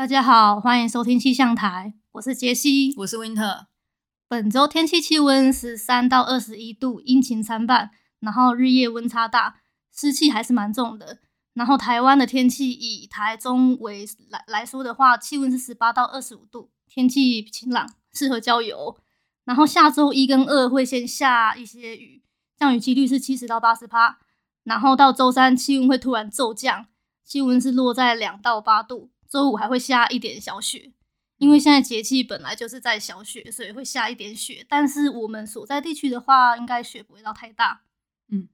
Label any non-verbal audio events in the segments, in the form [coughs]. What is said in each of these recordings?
大家好，歡迎收聽氣象台，我是杰西，我是溫特。本周天氣氣溫十三到二十一度，陰晴參半，然後日夜溫差大，濕氣還是蠻重的。然後台灣的天氣以台中為來來說的話，氣溫是十八到二十五度，天氣晴朗，適合郊遊。然後下週一跟二會先下一些雨，降雨幾率是七十到八十趴，然後到週三氣溫會突然驟降，氣溫是落在兩到八度。週五還會下一點小雪，因為現在節氣本來就是在小雪，所以會下一點雪。但是我們所在地區的話，應該雪不會到太大。嗯，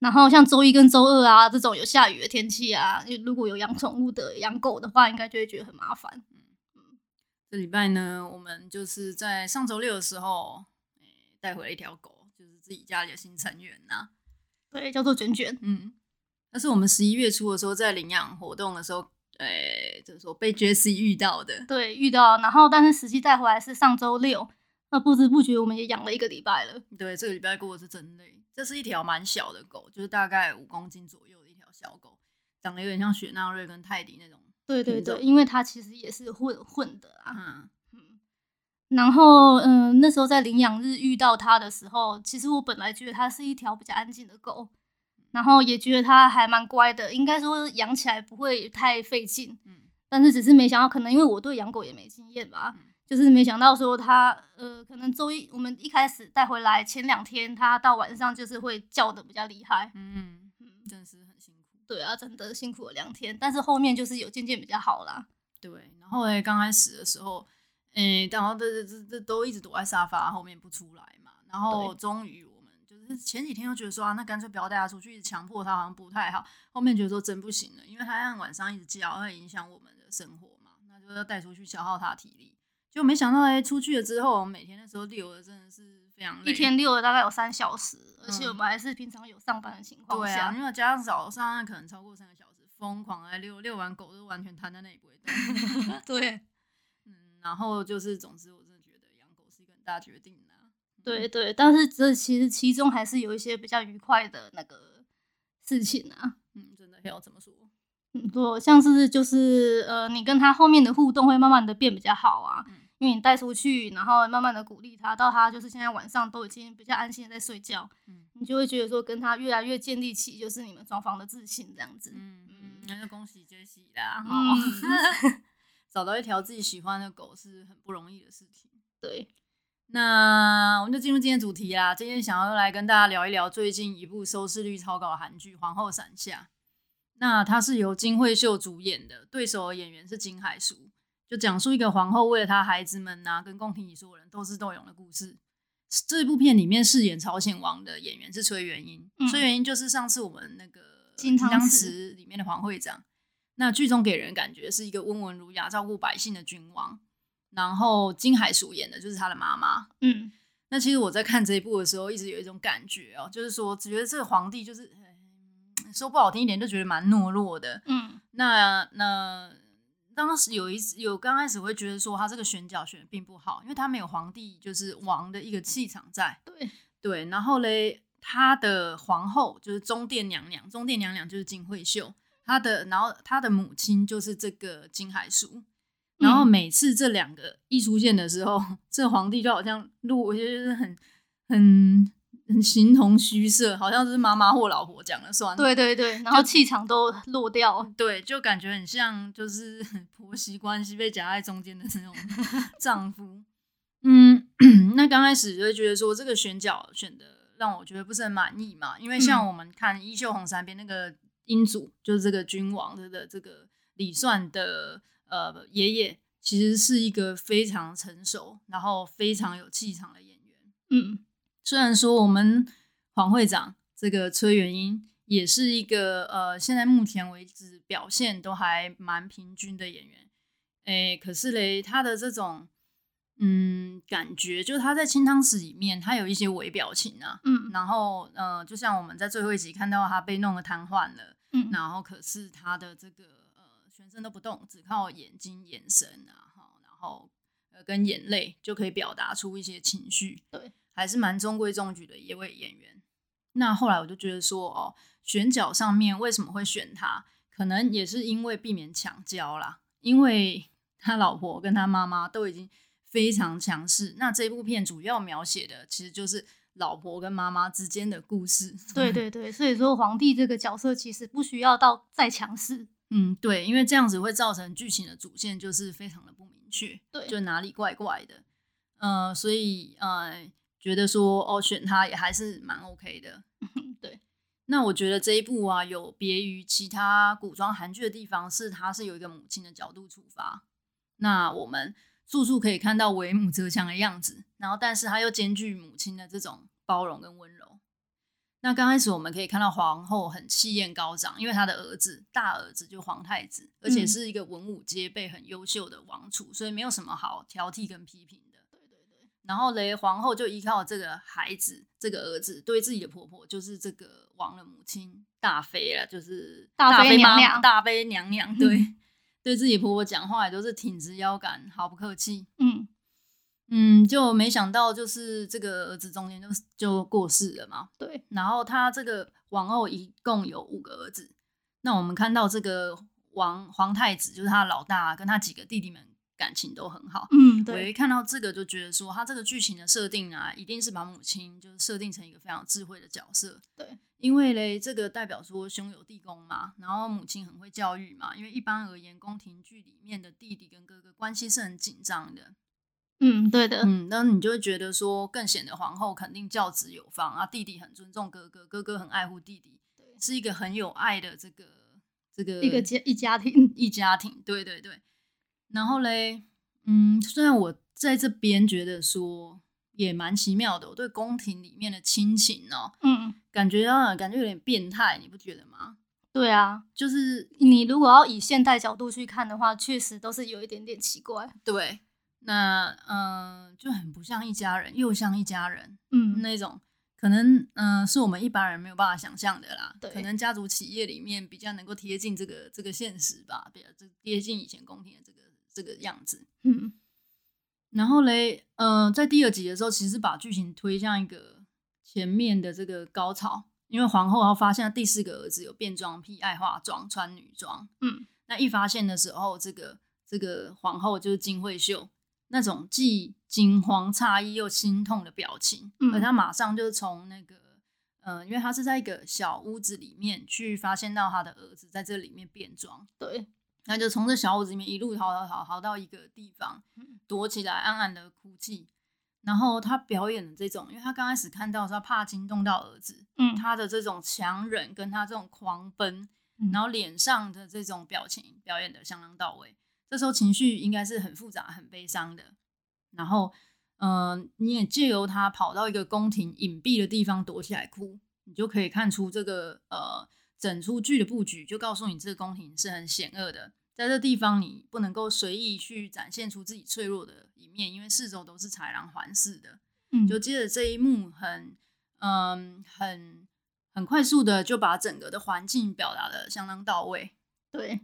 然後像周一跟周二啊這種有下雨的天氣啊，如果有養寵物的養狗的話，應該就會覺得很麻煩。嗯嗯，這禮拜呢，我們就是在上周六的時候，誒，帶回了一條狗，就是自己家裡的新成員吶、啊。對，叫做卷卷。嗯，但是我們十一月初的時候在領養活動的時候。對，就是說被傑西遇到的，對，遇到，然後但是實際帶回來是上周六，那不知不覺我們也養了一個禮拜了。對，這個禮拜過得是真累。這是一條蠻小的狗，就是大概五公斤左右的一條小狗，長得有點像雪納瑞跟泰迪那種。對對對，懂因為它其實也是混混的啊。嗯。嗯然後，嗯、呃，那時候在領養日遇到它的時候，其實我本來覺得它是一條比較安靜的狗。然後也覺得它還蠻乖的，應該說養起來不會太費勁。嗯，但是只是沒想到，可能因為我對養狗也沒經驗吧，嗯、就是沒想到說它，呃，可能周一我們一開始帶回來前兩天，它到晚上就是會叫的比較厲害。嗯嗯，嗯真是很辛苦。對啊，真的辛苦了兩天，但是後面就是有漸漸比較好啦。對，然後嘞，剛開始的時候，誒，然後這這這都一直躲在沙發後面不出來嘛，然後終於。是前幾天都覺得說啊，那乾脆不要帶它出去，一直強迫它好像不太好。後面覺得說真不行了，因為它晚上一直叫，會影響我們的生活嘛，那就要帶出去消耗它體力。就沒想到哎、欸，出去了之後，我們每天那時候遛的真的是非常累，一天遛了大概有三小時，嗯、而且我們還是平常有上班的情況下，對啊，因為加上早上可能超過三個小時的，瘋狂哎遛，遛完狗都完全癱在那裡不會動。 [laughs] [laughs] 對，嗯，然後就是總之，我真的覺得養狗是一個很大決定的。對對，但是這其實其中還是有一些比較愉快的那個事情啊。嗯，真的要怎麼說？嗯，對，像是就是呃，你跟他後面的互動會慢慢的變比較好啊，嗯，因為你帶出去，然後慢慢的鼓勵他，到他就是現在晚上都已經比較安心的在睡覺，嗯，你就會覺得說跟他越來越建立起就是你們雙方的自信，這樣子。嗯嗯，那就恭喜杰西啦！哈，找到一條自己喜歡的狗是很不容易的事情。對。那我們就進入今天的主題啦。今天想要來跟大家聊一聊最近一部收視率超高的韓劇《皇后傘下》。那它是由金惠秀主演的，對手的演員是金海淑，就講述一個皇后為了她孩子們吶、啊，跟宮廷裡所有人鬥智鬥勇的故事。這部片裡面飾演朝鮮王的演員是崔元英，崔元英就是上次我們那個金湯匙裡面的黃會長。那劇中給人感覺是一個溫文儒雅、照顧百姓的君王。然後金海淑演的就是他的媽媽，嗯，那其實我在看這一部的時候，一直有一種感覺哦，就是說只覺得這個皇帝就是，說不好聽一點，就覺得蠻懦弱的，嗯，那那當時有一有剛開始我會覺得說他這個選角選的並不好，因為他沒有皇帝就是王的一個氣場在，對對，然後嘞，他的皇後就是中殿娘娘，中殿娘娘就是金惠秀，他的，然後他的母親就是這個金海淑。然後每次這兩個一出現的時候，嗯、這皇帝就好像錄我覺得就是很、很、很形同虛設，好像是媽媽或老婆講了算了。對對對，然後他氣場都落掉。對，就感覺很像就是婆媳關係被夾在中間的那種丈夫。 [laughs] 嗯， [coughs] 那剛開始就會覺得說這個選角選的讓我覺得不是很滿意嘛，因為像我們看《衣袖紅鑲邊》那個英主，嗯、就是這個君王的、就是、這個李祘的。呃，爺爺其實是一個非常成熟，然後非常有氣場的演員。嗯，雖然說我們黃會長這個車元英也是一個呃，現在目前為止表現都還蠻平均的演員。哎、欸，可是嘞，他的這種嗯感覺，就是他在《清湯池》裡面，他有一些微表情啊。嗯，然後呃，就像我們在最後一集看到他被弄得癱瘓了。嗯，然後可是他的這個。全身都不動，只靠眼睛、眼神啊，哈，然後呃，跟眼淚就可以表達出一些情緒。對，還是蠻中規中矩的一位演員。那後來我就覺得說，哦，選角上面為什麼會選他？可能也是因為避免強交啦，因為他老婆跟他媽媽都已經非常強勢。那這一部片主要描寫的其實就是老婆跟媽媽之間的故事。對對對，所以說皇帝這個角色其實不需要到再強勢。嗯，對，因為這樣子會造成劇情的主線就是非常的不明確，對，就哪裡怪怪的，呃，所以呃，覺得說哦選他也還是蠻 OK 的， [laughs] 對。那我覺得這一部啊有別於其他古裝韓劇的地方是它是有一個母親的角度出發，那我們處處可以看到為母則強的樣子，然後但是它又兼具母親的這種包容跟溫柔。那剛開始我們可以看到皇後很氣焰高漲，因為她的兒子大兒子就是皇太子，而且是一個文武皆備很優秀的王儲，所以沒有什麼好挑剔跟批評的。對對對。然後呢，皇後就依靠這個孩子，這個兒子對自己的婆婆，就是這個王的母親大妃了，就是大妃娘娘，嗯，大妃娘娘。對，對自己婆婆講話也都是挺直腰桿，毫不客氣。嗯。嗯，就沒想到就是這個兒子中間就就過世了嘛。對，然後他這個王后一共有五個兒子。那我們看到這個王皇太子就是他老大，跟他幾個弟弟們感情都很好。嗯，對。一看到這個就覺得說，他這個劇情的設定啊，一定是把母親就設定成一個非常智慧的角色。對，因為嘞，這個代表說兄友弟恭嘛，然後母親很會教育嘛。因為一般而言，宮廷劇裡面的弟弟跟哥哥關係是很緊張的。嗯，對的。嗯，那你就會覺得說，更顯得皇后肯定教子有方啊，弟弟很尊重哥哥，哥哥很愛護弟弟，對，是一個很有愛的這個這個一個家一家庭一家庭，對對對。然後嘞，嗯，雖然我在這邊覺得說也蠻奇妙的，我對宮廷裡面的親情哦，嗯，感覺啊，感覺有點變態，你不覺得嗎？對啊，就是你如果要以現代角度去看的話，確實都是有一點點奇怪，對。那嗯、呃，就很不像一家人，又像一家人，嗯，那種可能嗯、呃、是我們一般人沒有辦法想象的啦。對，可能家族企業裡面比較能夠貼近這個這個現實吧，比較這貼近以前宮廷的這個這個樣子。嗯，然後嘞，嗯、呃，在第二集的時候，其實把劇情推向一個前面的這個高潮，因為皇后要後發現了第四個兒子有變裝癖，愛化妝、穿女裝。嗯，那一發現的時候，這個這個皇後就是金惠秀。那種既驚慌詫異又心痛的表情，嗯，而他馬上就從那個，呃，因為他是在一個小屋子裡面去發現到他的兒子在這裡面變裝，對，那就從這小屋子裡面一路逃逃逃逃，到一個地方躲起來，暗暗的哭泣。然後他表演的這種，因為他剛開始看到的時候怕驚動到兒子，嗯，他的這種強忍跟他這種狂奔，嗯，然後臉上的這種表情表演的相當到位。這時候情緒應該是很複雜、很悲傷的，然後，嗯、呃，你也借由他跑到一個宮廷隱蔽的地方躲起來哭，你就可以看出這個呃整出劇的佈局，就告訴你這個宮廷是很險惡的，在這地方你不能夠隨意去展現出自己脆弱的一面，因為四周都是豺狼環視的。嗯，就接着這一幕很、呃，很嗯很很快速的就把整個的環境表達得相當到位。對。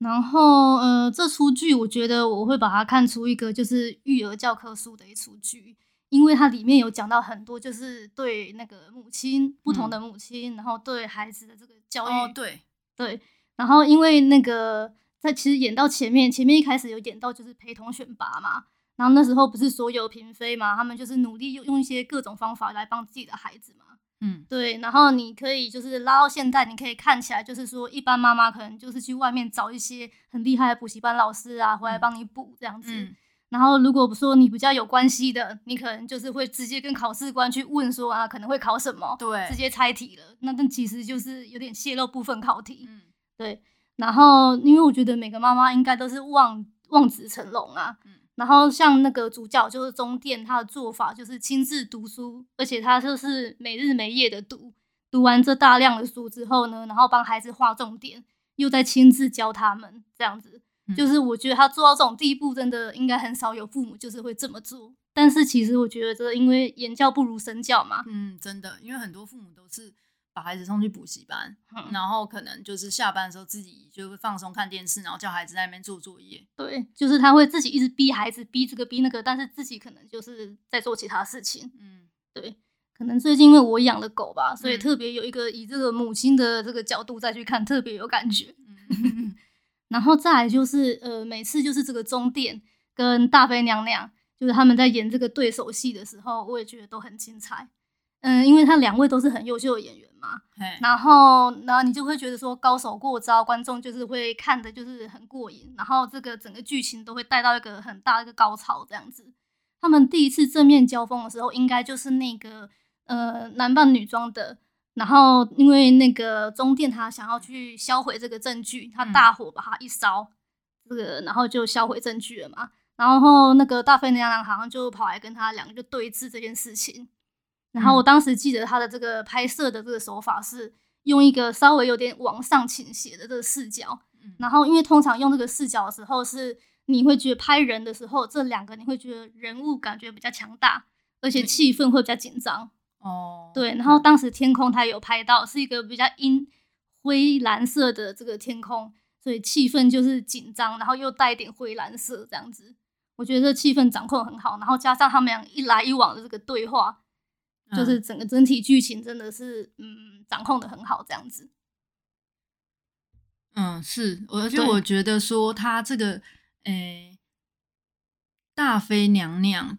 然後，呃，這出劇我覺得我會把它看出一個就是育兒教科書的一出劇，因為它裡面有講到很多就是對那個母親、嗯、不同的母親，然後對孩子的這個教育。哦，對對。然後因為那個在其實演到前面前面一開始有演到就是陪同選拔嘛，然後那時候不是所有嬪妃嘛，他們就是努力用用一些各種方法來幫自己的孩子嘛。嗯，對，然後你可以就是拉到現在，你可以看起來就是說，一般媽媽可能就是去外面找一些很厲害的補習班老師啊，嗯、回來幫你補這樣子。嗯、然後如果說你比較有關係的，你可能就是會直接跟考試官去問說啊，可能會考什麼，對，直接猜題了。那但其實就是有點泄露部分考題，嗯，對。然後因為我覺得每個媽媽應該都是望望子成龍啊。嗯。然後像那個主教就是中殿，他的做法就是親自讀書，而且他就是每日每夜的讀，讀完這大量的書之後呢，然後幫孩子劃重點，又再親自教他們，這樣子，就是我覺得他做到這種地步，真的應該很少有父母就是會這麼做。但是其實我覺得，這因為言教不如身教嘛。嗯，真的，因為很多父母都是。把孩子送去補習班，嗯、然後可能就是下班的時候自己就會放鬆看電視，然後叫孩子在那邊做作業。對，就是他會自己一直逼孩子逼這個逼那個，但是自己可能就是在做其他事情。嗯，對，可能最近因為我養了狗吧，所以特別有一個以這個母親的這個角度再去看，嗯、特別有感覺。 [laughs] 然後再來就是呃，每次就是這個中殿跟大妃娘娘，就是他們在演這個對手戲的時候，我也覺得都很精彩。嗯，因為他兩位都是很優秀的演員嘛，嘿然後，然後你就會覺得說高手過招，觀眾就是會看的就是很過癮，然後這個整個劇情都會帶到一個很大的一個高潮這樣子。他們第一次正面交鋒的時候，應該就是那個呃男扮女裝的，然後因為那個中殿他想要去銷毀這個證據，他大火把它一燒，嗯、這個然後就銷毀證據了嘛。然後那個大妃娘娘好像就跑來跟他兩個就對峙這件事情。然後我當時記得他的這個拍攝的這個手法是用一個稍微有點往上傾斜的這個視角，嗯、然後因為通常用這個視角的時候，是你會覺得拍人的時候，這兩個你會覺得人物感覺比較強大，而且氣氛會比較緊張。對對哦，對。然後當時天空他有拍到是一個比較陰灰藍色的這個天空，所以氣氛就是緊張，然後又帶一點灰藍色這樣子，我覺得這氣氛掌控很好。然後加上他們倆一來一往的這個對話。就是整個整體劇情真的是，嗯，掌控的很好，這樣子。嗯，是，而且我就覺得說，她這個，哎、欸，大妃娘娘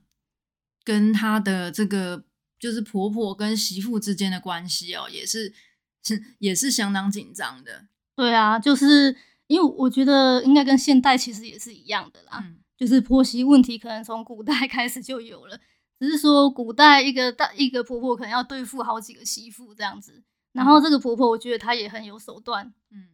跟她的這個，就是婆婆跟媳婦之間的關係哦、喔，也是是也是相當緊張的。對啊，就是因為我覺得應該跟現代其實也是一樣的啦，嗯、就是婆媳問題可能從古代開始就有了。只是說，古代一個大一個婆婆可能要對付好幾個媳婦這樣子，然後這個婆婆我覺得她也很有手段，嗯，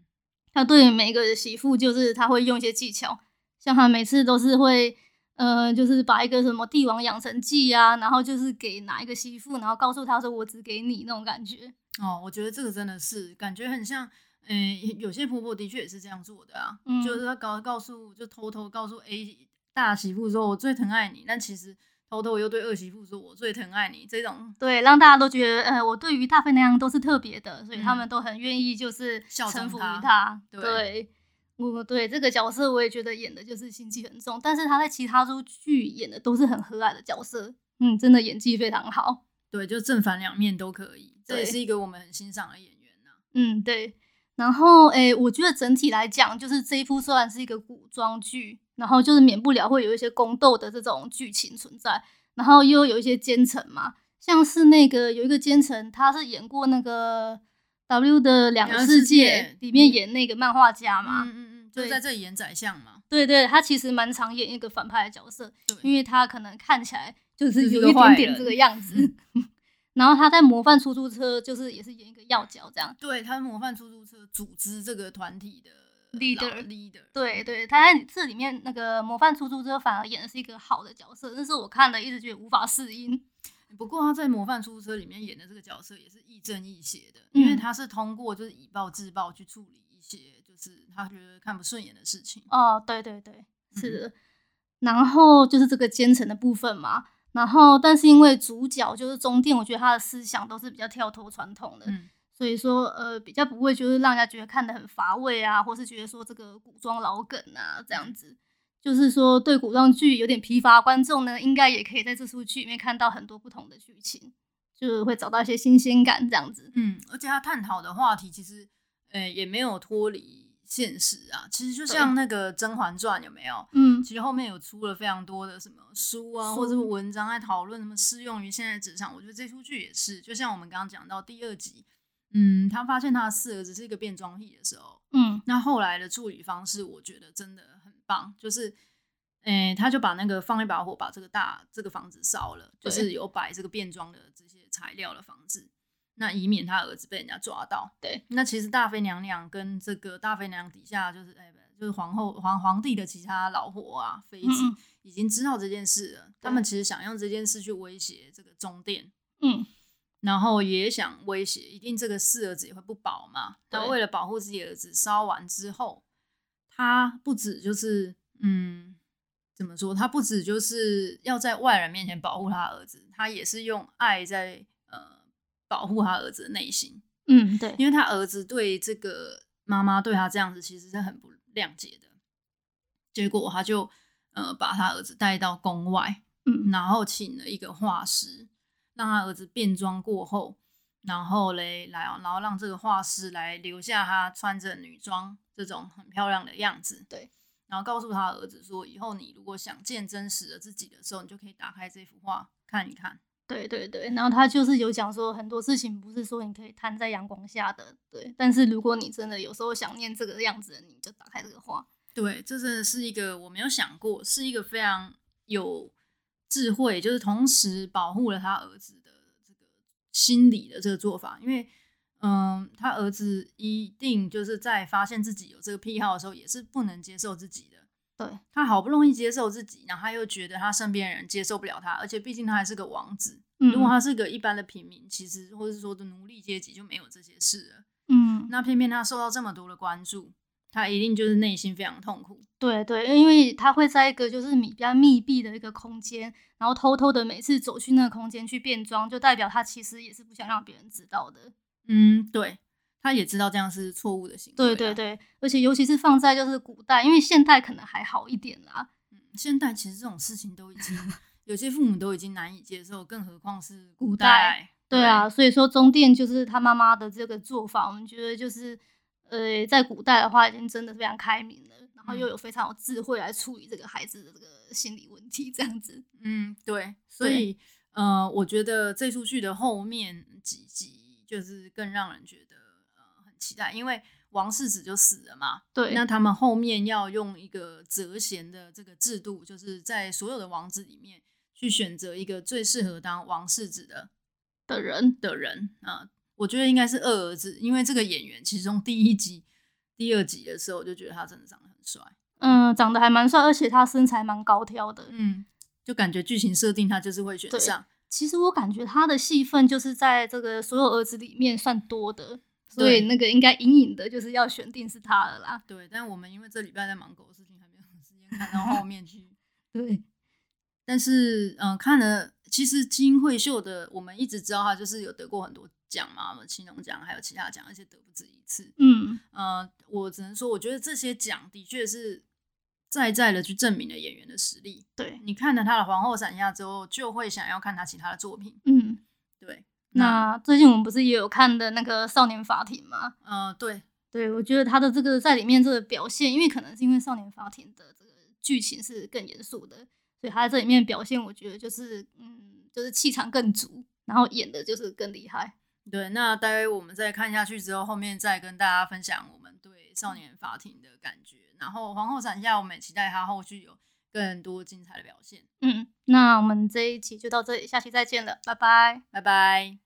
她對每個媳婦就是她會用一些技巧，像她每次都是會，呃，就是把一個什麼帝王養成記啊，然後就是給哪一個媳婦，然後告訴她說我只給你那種感覺。哦，我覺得這個真的是感覺很像，嗯，有些婆婆的確也是這樣做的啊，嗯，就是她告告訴就偷偷告訴 A 大媳婦說，我最疼愛你，但其實。偷偷又對二媳婦說：“我最疼愛你。”這種對，讓大家都覺得，呃，我對於大飛那樣都是特別的，所以他們都很願意就是臣服於他，他。對，我對，、嗯、對這個角色我也覺得演的就是心機很重，但是他在其他都劇演的都是很和藹的角色。嗯，真的演技非常好。對，就正反兩面都可以。這也是一個我們很欣賞的演員、啊、嗯，對。然後，哎、欸，我覺得整體來講，就是這部雖然是一個古裝劇。然後就是免不了會有一些宮鬥的這種劇情存在，然後又有一些奸臣嘛，像是那個有一個奸臣，他是演過那個 W 的兩個世界，世界裡面演那個漫畫家嘛，嗯嗯嗯，就在這裡演宰相嘛，對對，對，他其實蠻常演一個反派的角色，對，因為他可能看起來就是有一點點這個樣子，嗯、 [laughs] 然後他在模範出租車就是也是演一個要角這樣，對他模範出租車組織這個團體的。leader leader，對對，他在這裡面那個模範出租車反而演的是一個好的角色，但是我看了一直覺得無法適應。不過他在模範出租車裡面演的這個角色也是亦正亦邪的，因為他是通過就是以暴制暴去處理一些就是他覺得看不順眼的事情。嗯、哦，對對對，是的。嗯、哼然後就是這個奸臣的部分嘛，然後但是因為主角就是中殿，我覺得他的思想都是比較跳脫傳統的。嗯所以說，呃，比較不會就是讓人家覺得看得很乏味啊，或是覺得說這個古裝老梗啊這樣子，就是說對古裝劇有點疲乏的，觀眾呢，應該也可以在這齣劇裡面看到很多不同的劇情，就是會找到一些新鮮感這樣子。嗯，而且他探討的話題其實，呃、欸，也沒有脫離現實啊。其實就像那個《甄嬛傳》，有沒有？嗯，其實後面有出了非常多的什麼書啊，或者文章在討論什麼適用於現在職場。我覺得這齣劇也是，就像我們剛剛講到第二集。嗯，他發現他的四兒子是一個變裝癖的時候，嗯，那後來的處理方式，我覺得真的很棒，就是，哎、欸，他就把那個放一把火，把這個大這個房子燒了，對就是有擺這個變裝的這些材料的房子，那以免他兒子被人家抓到。對，那其實大妃娘娘跟這個大妃娘娘底下就是哎、欸，就是皇后皇皇帝的其他老婆啊妃子嗯嗯已經知道這件事了，對他們其實想用這件事去威脅這個中殿。嗯。然後也想威脅，一定這個四兒子也會不保嘛。對他為了保護自己兒子，燒完之後，他不止就是嗯，怎麼說？他不止就是要在外人面前保護他兒子，他也是用愛在呃保護他兒子的內心。嗯，對，因為他兒子對這個媽媽對他這樣子，其實是很不諒解的。結果他就呃把他兒子帶到宮外，嗯，然後請了一個畫師。讓他兒子變裝過後，然後嘞來哦、啊，然後讓這個畫師來留下他穿着女裝這種很漂亮的樣子。對，然後告訴他兒子說，以後你如果想見真實的自己的時候，你就可以打開這幅畫看一看。對對對，然後他就是有講說很多事情不是說你可以攤在陽光下的，對，但是如果你真的有時候想念這個樣子，你就打開這個畫。對，這真的是一個我沒有想過，是一個非常有。智慧，就是同時保護了他兒子的這個心理的這個做法，因為，嗯，他兒子一定就是在發現自己有這個癖好的時候，也是不能接受自己的。對，他好不容易接受自己，然後他又覺得他身邊人接受不了他，而且畢竟他還是個王子。嗯，如果他是個一般的平民，其實或者說的奴隸階級就沒有這些事了。嗯，那偏偏他受到這麼多的關注。他一定就是內心非常痛苦，對對，因為，他會在一個就是密比較密閉的一個空間，然後偷偷的每次走去那個空間去變裝，就代表他其實也是不想讓別人知道的。嗯，對，他也知道這樣是錯誤的行為啊。對對對，而且尤其是放在就是古代，因為現代可能還好一點啦。嗯，現代其實這種事情都已經 [laughs] 有些父母都已經難以接受，更何況是古代。古代對啊，對所以說中殿就是他媽媽的這個做法，我們覺得就是。呃、欸，在古代的話，已經真的是非常開明了，然後又有非常有智慧來處理這個孩子的這個心理問題，這樣子。嗯，對。所以，對呃，我覺得這出劇的後面幾集就是更讓人覺得呃很期待，因為王世子就死了嘛。對。那他們後面要用一個擇賢的這個制度，就是在所有的王子裡面去選擇一個最適合當王世子的的人的人啊。呃我覺得應該是二兒子，因為這個演員，其中第一集、第二集的時候，我就覺得他真的長得很帥，嗯，長得還蠻帥，而且他身材蠻高挑的，嗯，就感覺劇情設定他就是會選上。其實我感覺他的戲份就是在這個所有兒子裡面算多的，對，以那個應該隱隱的就是要選定是他了啦。對，但我們因為這禮拜在忙狗的事情，還沒有時間看到後面去。 [laughs] 對，但是嗯、呃，看了，其實金惠秀的，我們一直知道他就是有得過很多。獎嘛，青龍獎還有其他獎，而且得不止一次。嗯呃，我只能說，我覺得這些獎的確是再再的去證明了演員的實力。對，你看了他的《皇后傘下》之後，就會想要看他其他的作品。嗯，對。那，那最近我們不是也有看的那個《少年法庭》嗎？呃，對對，我覺得他的這個在裡面這個表現，因為可能是因為《少年法庭》的這個劇情是更嚴肅的，所以他在這裡面表現，我覺得就是嗯，就是氣場更足，然後演的就是更厲害。對，那待會我們再看下去之後，後面再跟大家分享我們對《少年法庭》的感覺。然後，皇后傘下，我們也期待他後續有更多精彩的表現。嗯，那我們這一集就到這裡，下期再見了，拜拜，拜拜。